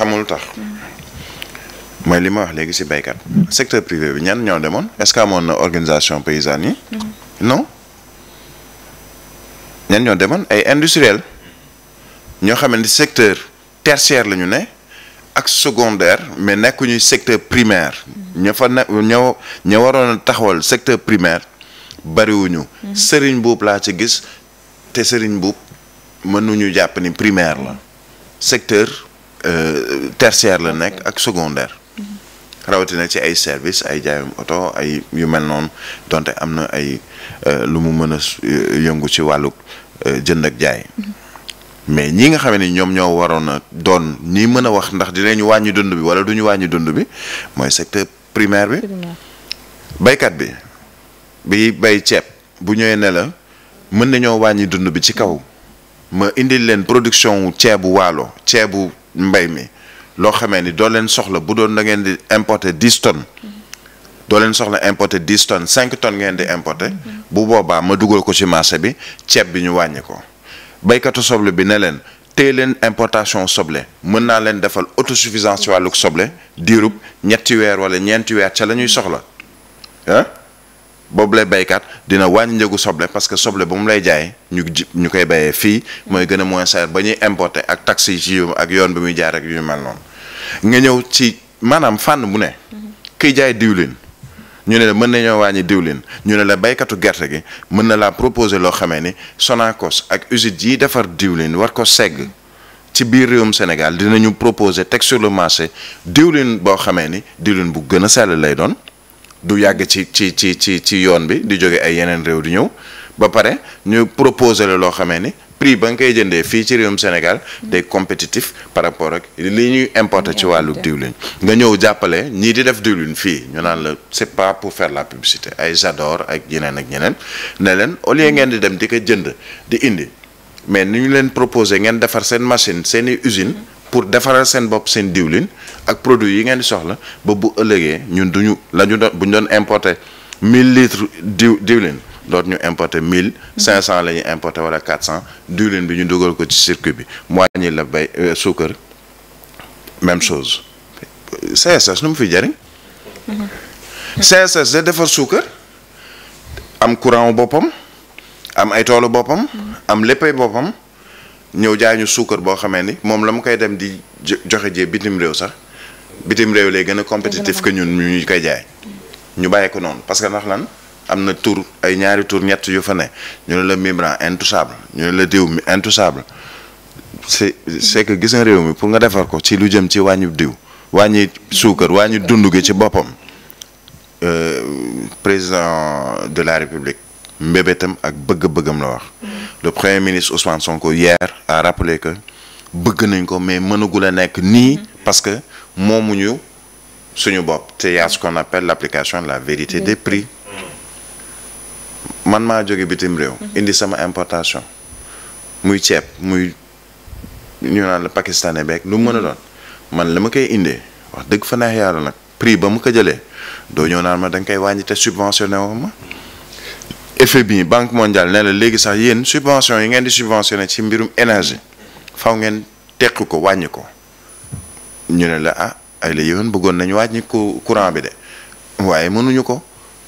xamul tax mooy li ma wax léegi ci béykat secteur privé bi ñan ñoo demoon est-ce que amoon na organisation paysanne yi non ñan ñoo demoon ay industriel ñoo xamante secteur tertiaire la ñu ne ak secondaire mais nekkuñu secteur primaire ña fa ne ñoo ña waroon a taxawal secteur primaire bariwuñu mm-hmm. sëriñ buub laa ci gis te sëriñ buub mënuñu jàpp ni primaire la secteur Euh, tertiaire la nekk ak secondaire rawatina ci ay service ay jaayum oto ay yu mel noonu donte am na ay euh, lu mu mën a euh, yëngu ci wàllu jënd ak jaay mais ñi nga xam ni ñoom ñoo waroon a doon ñi mën a wax ndax dinañu wàññi dund bi wala duñu wàññi dund bi mooy secteur primaire bi baykat bi bi bay ceeb bu ñëwee ne la mën nañoo wàññi dund bi ci kaw ma indi leen production ceebu waalo ceebu mbay mi loo xamee ni doo leen soxla bu doon da ngeen di importer dix tonnes doo leen soxla importer dix tonnes cinq tonnes ngeen di importer bu boobaa ma dugal ko ci marché bi ceeb bi ñu wàññi ko baykatu soble bi ne leen tey leen importation soble mën naa leen defal autosuffisance ci wàlluk soble diirub ñetti weer wala ñeenti weer ca la ñuy soxla boobule béykat dina wàññi njëgu soble parce que soble ba mu lay jaay ñu ñu koy bayee fii mooy gën a moins cher ba ñuy importer ak taxes yi ci ak yoon bi muy jaar ak yu mel noonu nga ñëw ci maanaam fànn bu ne kiy jaay diwlin ñu ne la mën nañoo wàññi diwlin ñu ne la béykatu gerte gi mën na laa proposer loo xamee ni Sonacos ak usine yi defar diwlin war ko segg ci biir réewum Sénégal dinañu proposer teg sur le marché diwlin boo xamee ni diwlin bu gën a sell lay doon. du yàgg ci ci ci ci ci yoon bi di jóge ay yeneen réew di ñëw ba pare ñu proposer la loo xamee ni prix ba nga koy jëndee fii ci réewum Sénégal de compétitif par rapport ak li ñuy importe ci wàllu diwlin nga ñëw jàppale ñii di def diwlin fii ñu naan la c'est pas pour faire la publicité ay j'adore ak yeneen ak ñeneen ne leen au lieu ngeen di dem di ko jënd di indi mais ni ñu leen proposer ngeen defar seen machine seeni usine pour defaral seen bopp seen diwlin ak produit yi ngeen di soxla ba bu ëllëgee ñun duñu la ñu doon bu ñu doon importer mille litre diw diwlin dootu ñu importer mille cinq cent la ñuy importer wala quatre cent diwlin bi ñu dugal ko ci circuit bi mois wàññi la bay euh, suukar même chose CSS nu mu fiy jëriñ CSS da defar suukar am courant boppam am ay toolu boppam am lépp léppay boppam ñëw jaay ñu suukar boo xamee ni moom la mu koy dem di joxe jee bitim réew sax bitim réew lay gën a compétitif que ñun ñu koy jaay ñu bàyyi ko noonu parce que ndax lan am na tour ay ñaari tur ñett yu fa ne ñu ne la Mimran intouchable ñu ne la diw mi intouchable c'est c'est que gis nga réew mi pour nga defar ko ci lu jëm ci wàññu diw wàññi suukar wàññi dund gi ci boppam euh, président de la république mbébétam ak bëgg-bëggam la wax le premier ministre Ousmane Sonko hier a rappelé que bëgg nañ ko mais mënagul a nekk nii mhm. parce que moomuñu suñu bopp te yaa kon qu'on appelle l'application la vérité des prix man maa jóge bitim réew mhm. indi sama importation muy ceeb muy ñu naan la pakistanais beeg lu mu mën a mhm. doon man la ma koy indee wax dëgg fa neex yàlla nag prix ba mu ko jëlee doo ñëw naan ma da koy wàññi te subventionné ma FMI banque mondiale ne léegi sax yéen subvention yi ngeen di subventionné ci mbirum énergie faw ngeen teq ko wàññi ko ñu ne la ah ay la yéen bëggoon nañu wàññi ko courant bi de waaye mënuñu ko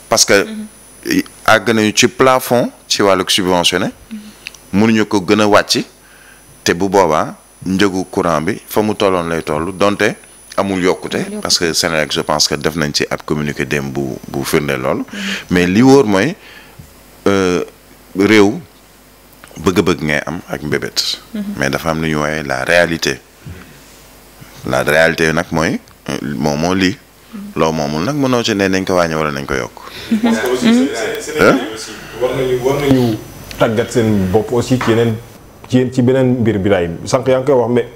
parce que mm-hmm. àgg nañu ci plafon ci wàllu subventionné mm-hmm. mënuñu ko gën a wàcc te bu boobaa njëgu courant bi fa mu tolloon lay toll donte amul yokkute parce que ak je pense que def nañ ci ab communiqué dem bu bu firnde lool mm-hmm. mais li wóor mooy Euh, réew bëgg-bëgg ngay am ak mbébét. Mhm. mais dafa am lu ñuy woowee la réalité la réalité nag mooy euh, moom moo lii. Mhm. loo moomul nag mënoo ci ne nañ ko wàññi wala nañ ko yokk. Mhm. parce que seen bopp aussi ci yeneen ci beneen mbir bi daay sànq yaa ngi koy wax mais.